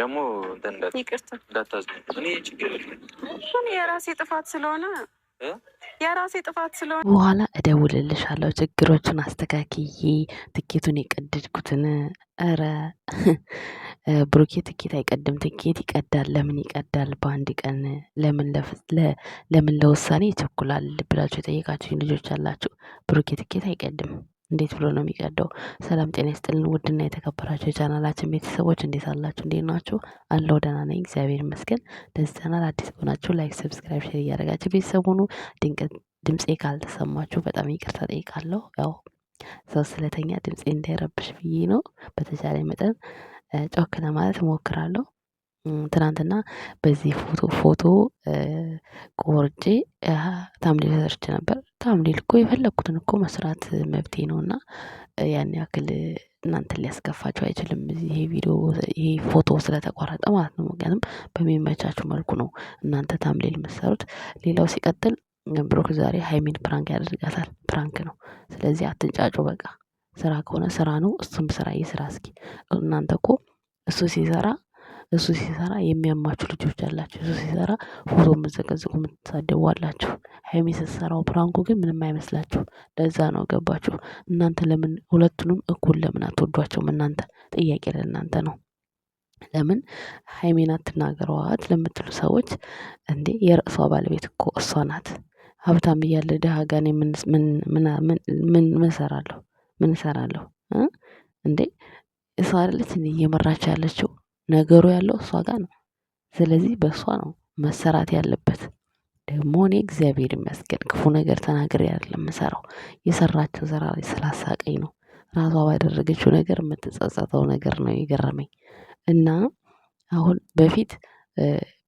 ደግሞ እንዳታዝኝ። የራሴ ጥፋት ስለሆነ የራሴ ጥፋት ስለሆነ በኋላ እደውልልሻለሁ። ችግሮቹን አስተካክዬ ትኬቱን የቀደድኩትን። ኧረ ብሩኬ ትኬት አይቀድም፣ ትኬት ይቀዳል። ለምን ይቀዳል? በአንድ ቀን ለምን ለውሳኔ ይቸኩላል ብላችሁ የጠየቃችሁ ልጆች አላችሁ። ብሩኬ ትኬት አይቀድም። እንዴት ብሎ ነው የሚቀደው? ሰላም ጤና ይስጥልን ውድና የተከበራቸው የቻናላችን ቤተሰቦች እንዴት አላችሁ? እንዴት ናችሁ? አለው ደህና ነኝ እግዚአብሔር ይመስገን። ለዚህ ቻናል አዲስ ከሆናችሁ ላይክ፣ ሰብስክራይብ፣ ሼር እያደረጋችሁ ቤተሰብ ሁኑ። ድንቅ ድምፄ ካልተሰማችሁ በጣም ይቅርታ ጠይቃለሁ። ያው ሰው ስለተኛ ድምፄ እንዳይረብሽ ብዬ ነው። በተቻለ መጠን ጮክ ለማለት እሞክራለሁ። ትናንትና በዚህ ፎቶ ፎቶ ቆርጬ ታምሌል ተሰርች ነበር። ታምሌል እኮ የፈለኩትን እኮ መስራት መብቴ ነው እና ያን ያክል እናንተን ሊያስከፋቸው አይችልም። ይሄ ቪዲዮ ይሄ ፎቶ ስለተቋረጠ ማለት ነው። ምክንያቱም በሚመቻችሁ መልኩ ነው እናንተ ታምሌል የምትሰሩት። ሌላው ሲቀጥል ብሩክ ዛሬ ሀይሚን ፕራንክ ያደርጋታል። ፕራንክ ነው። ስለዚህ አትንጫጩ። በቃ ስራ ከሆነ ስራ ነው። እሱም ስራ ይስራ እስኪ። እናንተ እኮ እሱ ሲሰራ እሱ ሲሰራ የሚያማችሁ ልጆች አላችሁ። እሱ ሲሰራ ፎቶ የምትዘቀዝቁ የምትሳደቡ አላችሁ። ሀይሚ ስትሰራው ፕራንኩ ግን ምንም አይመስላችሁ። ለዛ ነው ገባችሁ። እናንተ ለምን ሁለቱንም እኩል ለምን አትወዷቸውም? እናንተ ጥያቄ ለእናንተ ነው። ለምን ሀይሜን አትናገረዋት ለምትሉ ሰዎች እንዴ የርዕሷ ባለቤት እኮ እሷ ናት። ሀብታም እያለ ድሀ ጋር እኔ ምን እሰራለሁ? ምን እሰራለሁ እንዴ? እሷ አይደለች እየመራች ያለችው ነገሩ ያለው እሷ ጋር ነው። ስለዚህ በእሷ ነው መሰራት ያለበት። ደግሞ እኔ እግዚአብሔር ይመስገን ክፉ ነገር ተናግሬ አይደለም የምሰራው የሰራችው ስራ ስላሳቀኝ ነው። ራሷ ባደረገችው ነገር የምትጸጸተው ነገር ነው የገረመኝ። እና አሁን በፊት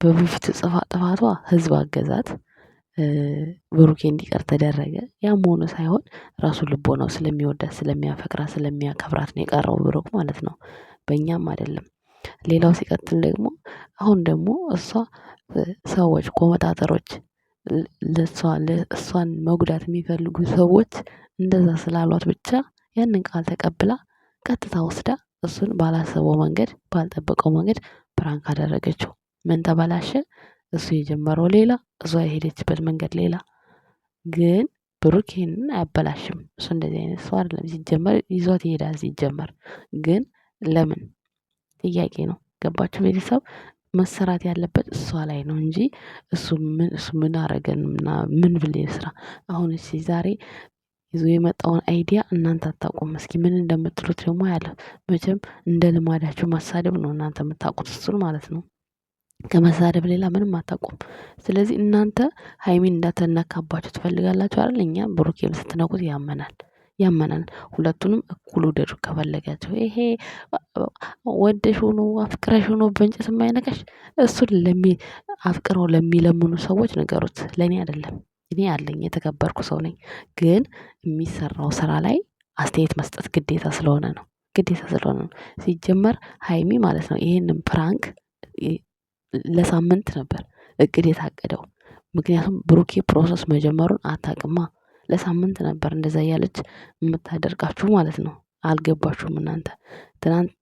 በበፊቱ ጥፋቷ ህዝብ አገዛት። ብሩኬ እንዲቀር ተደረገ ያም ሆኖ ሳይሆን ራሱ ልቦ ነው ስለሚወዳት ስለሚያፈቅራት ስለሚያከብራት ነው የቀረው ብሩክ ማለት ነው። በእኛም አይደለም ሌላው ሲቀጥል ደግሞ አሁን ደግሞ እሷ ሰዎች ኮመጣጠሮች ለእሷ እሷን መጉዳት የሚፈልጉ ሰዎች እንደዛ ስላሏት ብቻ ያንን ቃል ተቀብላ ቀጥታ ወስዳ እሱን ባላሰበው መንገድ ባልጠበቀው መንገድ ፕራንክ አደረገችው። ምን ተበላሸ? እሱ የጀመረው ሌላ እሷ የሄደችበት መንገድ ሌላ። ግን ብሩክ ይሄንን አያበላሽም እሱ እንደዚህ አይነት ሰው አይደለም። ሲጀመር ይዟት ይሄዳል ሲጀመር ግን ለምን ጥያቄ ነው ገባችሁ ቤተሰብ መሰራት ያለበት እሷ ላይ ነው እንጂ እሱ ምን እሱ ምን አደረገን ምን ስራ አሁን እ ዛሬ ይዞ የመጣውን አይዲያ እናንተ አታውቁም። እስኪ ምን እንደምትሉት ደግሞ ያለ መቼም እንደ ልማዳችሁ ማሳደብ ነው እናንተ የምታውቁት እሱን ማለት ነው። ከመሳደብ ሌላ ምንም አታውቁም። ስለዚህ እናንተ ሀይሚን እንዳትነካባችሁ ትፈልጋላችሁ አይደል? እኛ ብሩኬም ስትነኩት ያመናል። ያመናል። ሁለቱንም እኩል ውደዱ ከፈለጋቸው። ይሄ ወደሽ ሆኖ አፍቅረሽ ሆኖ በእንጨት የማይነቀሽ እሱን ለሚ አፍቅረው ለሚለምኑ ሰዎች ነገሩት። ለእኔ አይደለም እኔ አለኝ የተከበርኩ ሰው ነኝ። ግን የሚሰራው ስራ ላይ አስተያየት መስጠት ግዴታ ስለሆነ ነው ግዴታ ስለሆነ ነው። ሲጀመር ሀይሚ ማለት ነው ይሄንን ፕራንክ ለሳምንት ነበር እቅድ የታቀደው ምክንያቱም ብሩኬ ፕሮሰስ መጀመሩን አታቅማ ለሳምንት ነበር እንደዛ እያለች የምታደርጋችሁ ማለት ነው። አልገባችሁም እናንተ ትናንት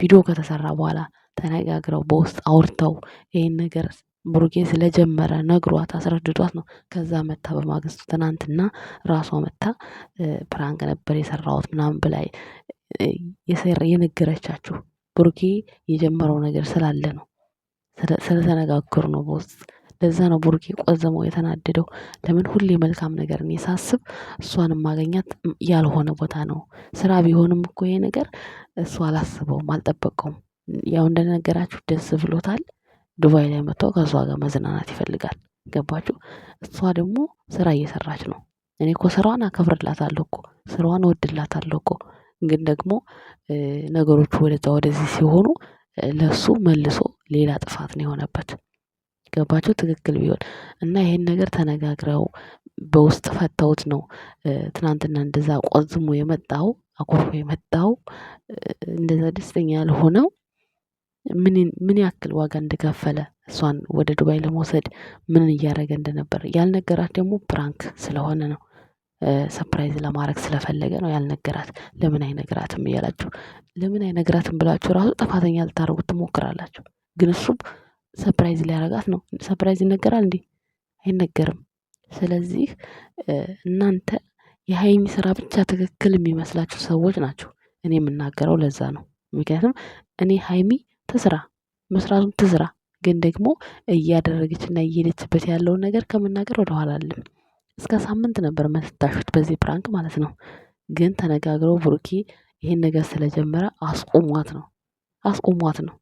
ቪዲዮ ከተሰራ በኋላ ተነጋግረው በውስጥ አውርተው ይህን ነገር ብሩኬ ስለጀመረ ነግሯት አስረድቷት ነው። ከዛ መታ በማግስቱ ትናንትና ራሷ መታ ፕራንክ ነበር የሰራሁት ምናምን ብላ የነገረቻችሁ ብሩኬ የጀመረው ነገር ስላለ ነው። ስለተነጋገሩ ነው በውስጥ ለዛ ነው ቡርኬ ቆዘመው የተናደደው። ለምን ሁሌ መልካም ነገር እኔ ሳስብ እሷን ማገኛት ያልሆነ ቦታ ነው። ስራ ቢሆንም እኮ ይሄ ነገር እሱ አላስበውም አልጠበቀውም። ያው እንደነገራችሁ ደስ ብሎታል። ዱባይ ላይ መጥቶ ከእሷ ጋር መዝናናት ይፈልጋል። ገባችሁ? እሷ ደግሞ ስራ እየሰራች ነው። እኔ እኮ ስራዋን አከብርላታለሁ እኮ ስራዋን እወድላታለሁ እኮ ግን ደግሞ ነገሮቹ ወደዛ ወደዚህ ሲሆኑ ለሱ መልሶ ሌላ ጥፋት ነው የሆነበት። ገባችሁ ትክክል ቢሆን እና ይሄን ነገር ተነጋግረው በውስጥ ፈታውት ነው ትናንትና እንደዛ ቆዝሞ የመጣው አኮርፎ የመጣው እንደዛ ደስተኛ ያልሆነው ምን ያክል ዋጋ እንደከፈለ እሷን ወደ ዱባይ ለመውሰድ ምን እያደረገ እንደነበር ያልነገራት ደግሞ ፕራንክ ስለሆነ ነው ሰፕራይዝ ለማድረግ ስለፈለገ ነው ያልነገራት። ለምን አይነግራትም እያላችሁ ለምን አይነግራትም ብላችሁ ራሱ ጥፋተኛ ልታደርጉት ትሞክራላችሁ። ግን እሱም ሰርፕራይዝ ሊያደርጋት ነው። ሰርፕራይዝ ይነገራል እንዴ? አይነገርም። ስለዚህ እናንተ የሀይሚ ስራ ብቻ ትክክል የሚመስላችሁ ሰዎች ናቸው። እኔ የምናገረው ለዛ ነው። ምክንያቱም እኔ ሀይሚ ትስራ መስራቱን ትስራ፣ ግን ደግሞ እያደረገችና እየሄደችበት ያለውን ነገር ከመናገር ወደኋላ አለም። እስከ ሳምንት ነበር መስታሹት በዚህ ፕራንክ ማለት ነው። ግን ተነጋግረው ብሩኪ ይሄን ነገር ስለጀመረ አስቆሟት ነው አስቆሟት ነው።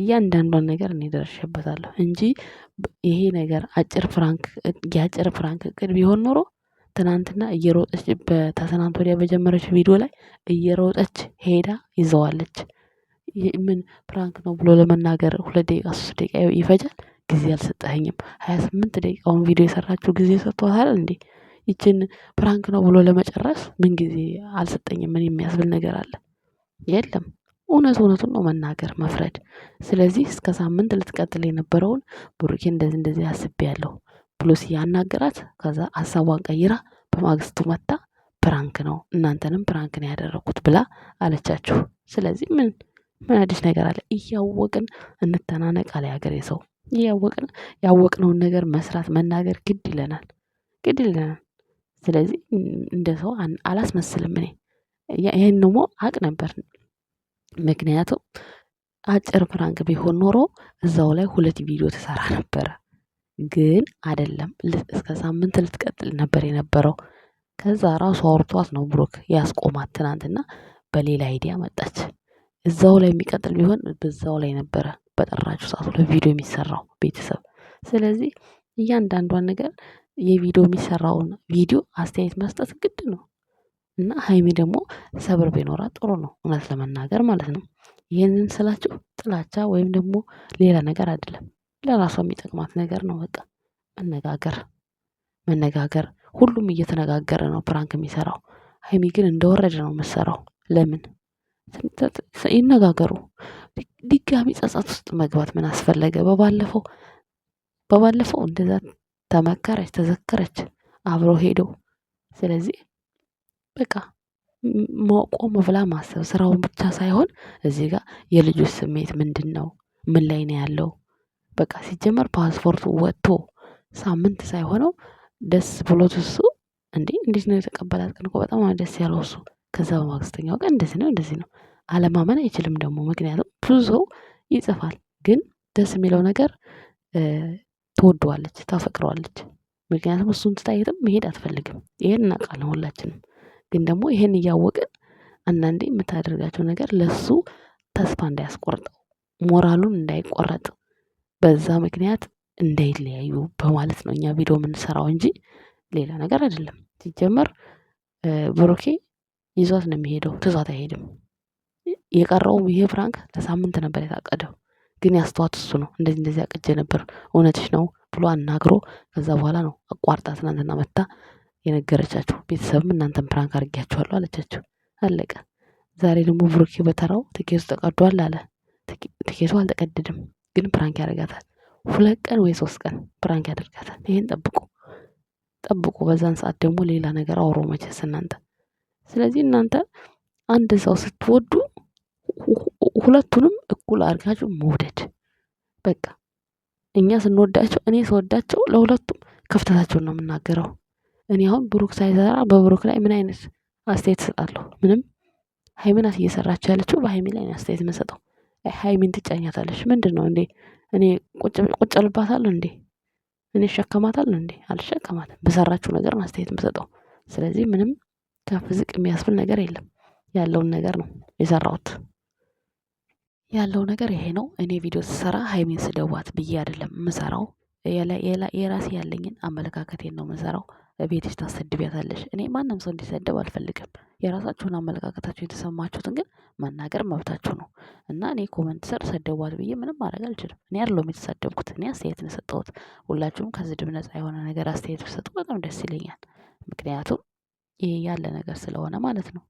እያንዳንዷን ነገር እኔ ደርሼበታለሁ እንጂ ይሄ ነገር አጭር ፍራንክ የአጭር ፍራንክ እቅድ ቢሆን ኖሮ ትናንትና እየሮጠች በተሰናንት ወዲያ በጀመረች ቪዲዮ ላይ እየሮጠች ሄዳ ይዘዋለች። ምን ፍራንክ ነው ብሎ ለመናገር ሁለት ደቂቃ ሶስት ደቂቃ ይፈጃል። ጊዜ አልሰጠኝም? ሀያ ስምንት ደቂቃውን ቪዲዮ የሰራችሁ ጊዜ ሰጥቷታል እንዴ? ይችን ፍራንክ ነው ብሎ ለመጨረስ ምን ጊዜ አልሰጠኝም ምን የሚያስብል ነገር አለ? የለም እውነት እውነቱን ነው መናገር መፍረድ። ስለዚህ እስከ ሳምንት ልትቀጥል የነበረውን ብሩኬ እንደዚህ እንደዚህ አስቤያለሁ ብሎ ሲያናገራት ከዛ ሀሳቧን ቀይራ በማግስቱ መታ ፕራንክ ነው እናንተንም ፕራንክ ነው ያደረኩት ብላ አለቻችሁ። ስለዚህ ምን ምን አዲስ ነገር አለ? እያወቅን እንተናነቅ አለ ያገሬ ሰው። እያወቅን ያወቅነውን ነገር መስራት መናገር ግድ ይለናል፣ ግድ ይለናል። ስለዚህ እንደ ሰው አላስመስልም እኔ ይህን ደግሞ አቅ ነበር ምክንያቱም አጭር ፕራንክ ቢሆን ኖሮ እዛው ላይ ሁለት ቪዲዮ ትሰራ ነበረ። ግን አይደለም እስከ ሳምንት ልትቀጥል ነበር የነበረው። ከዛ ራሱ አውርቷት ነው ብሩክ ያስቆማት። ትናንትና በሌላ አይዲያ መጣች። እዛው ላይ የሚቀጥል ቢሆን በዛው ላይ ነበረ በጠራችሁ ሰዓት ሁለት ቪዲዮ የሚሰራው ቤተሰብ። ስለዚህ እያንዳንዷን ነገር የቪዲዮ የሚሰራውን ቪዲዮ አስተያየት መስጠት ግድ ነው። እና ሀይሜ ደግሞ ሰብር ቢኖራ ጥሩ ነው እውነት ለመናገር ማለት ነው። ይህንን ስላችሁ ጥላቻ ወይም ደግሞ ሌላ ነገር አይደለም ለራሷ የሚጠቅማት ነገር ነው። በቃ መነጋገር መነጋገር ሁሉም እየተነጋገረ ነው ፕራንክ የሚሰራው ሀይሜ ግን እንደወረደ ነው የምትሰራው። ለምን ይነጋገሩ ድጋሚ ጸጸት ውስጥ መግባት ምን አስፈለገ? በባለፈው በባለፈው እንደዛ ተመከረች ተዘከረች አብረው ሄደው ስለዚህ በቃ ቆም ብላ ማሰብ ስራውን ብቻ ሳይሆን እዚህ ጋር የልጁ ስሜት ምንድነው? ምን ላይ ነው ያለው? በቃ ሲጀመር ፓስፖርቱ ወጥቶ ሳምንት ሳይሆነው ደስ ብሎት እሱ እንዴ እንዴት ነው የተቀበላት ቀን እኮ በጣም ደስ ያለው እሱ ከዛ በማግስተኛው ቀን እንደዚህ ነው እንደዚህ ነው አለማመን አይችልም ደግሞ ምክንያቱም ብዙ ሰው ይጽፋል ግን ደስ የሚለው ነገር ትወደዋለች ታፈቅረዋለች ምክንያቱም እሱን ትታየትም መሄድ አትፈልግም ይሄን እናውቃለን ሁላችንም ግን ደግሞ ይሄን እያወቅን አንዳንዴ የምታደርጋቸው ነገር ለሱ ተስፋ እንዳያስቆርጠው ሞራሉን እንዳይቆረጥ በዛ ምክንያት እንዳይለያዩ በማለት ነው እኛ ቪዲዮ የምንሰራው እንጂ ሌላ ነገር አይደለም። ሲጀመር ብሩኬ ይዟት ነው የሚሄደው፣ ትዟት አይሄድም። የቀረውም ይሄ ፍራንክ ለሳምንት ነበር የታቀደው፣ ግን ያስተዋት እሱ ነው። እንደዚህ እንደዚህ አቅጀ ነበር እውነትሽ ነው ብሎ አናግሮ ከዛ በኋላ ነው አቋርጣ ትናንትና መታ የነገረቻቸው ቤተሰብም እናንተን ፕራንክ አድርጌያችኋለሁ አለቻቸው። አለቀ። ዛሬ ደግሞ ብሩኬ በተራው ትኬቱ ተቀዷል አለ። ትኬቱ አልተቀደድም። ግን ፕራንክ ያደርጋታል። ሁለት ቀን ወይ ሶስት ቀን ፕራንክ ያደርጋታል። ይሄን ጠብቁ ጠብቁ። በዛን ሰዓት ደግሞ ሌላ ነገር አውሮ መቼስ እናንተ። ስለዚህ እናንተ አንድ ሰው ስትወዱ ሁለቱንም እኩል አድርጋችሁ መውደድ በቃ እኛ ስንወዳቸው እኔ ስወዳቸው ለሁለቱም ከፍተታቸውን ነው የምናገረው። እኔ አሁን ብሩክ ሳይሰራ በብሩክ ላይ ምን አይነት አስተያየት እሰጣለሁ? ምንም ሀይሚ ናት እየሰራች ያለችው። በሀይሚ ላይ አስተያየት መሰጠው ሀይሚን ትጫኛታለች። ምንድን ነው እንዴ? እኔ ቁጭ ልባታለሁ እንዴ? እኔ እሸከማታለሁ እንዴ? አልሸከማትም። በሰራችው ነገር ነው አስተያየት የምሰጠው። ስለዚህ ምንም ከፍ ዝቅ የሚያስብል ነገር የለም። ያለውን ነገር ነው የሰራሁት። ያለው ነገር ይሄ ነው። እኔ ቪዲዮ ስሰራ ሀይሚን ስደዋት ብዬ አይደለም የምሰራው። የራሴ ያለኝን አመለካከቴን ነው የምሰራው። ቤትሽ ታሰድቢያታለሽ። እኔ ማንም ሰው እንዲሰደብ አልፈልግም። የራሳችሁን አመለካከታችሁ የተሰማችሁትን ግን መናገር መብታችሁ ነው እና እኔ ኮመንት ስር ሰደቧት ብዬ ምንም ማድረግ አልችልም። እኔ አይደለሁም የተሳደብኩት፣ እኔ አስተያየት ነው የሰጠሁት። ሁላችሁም ከስድብ ነፃ የሆነ ነገር አስተያየት ብሰጡ በጣም ደስ ይለኛል። ምክንያቱም ይሄ ያለ ነገር ስለሆነ ማለት ነው።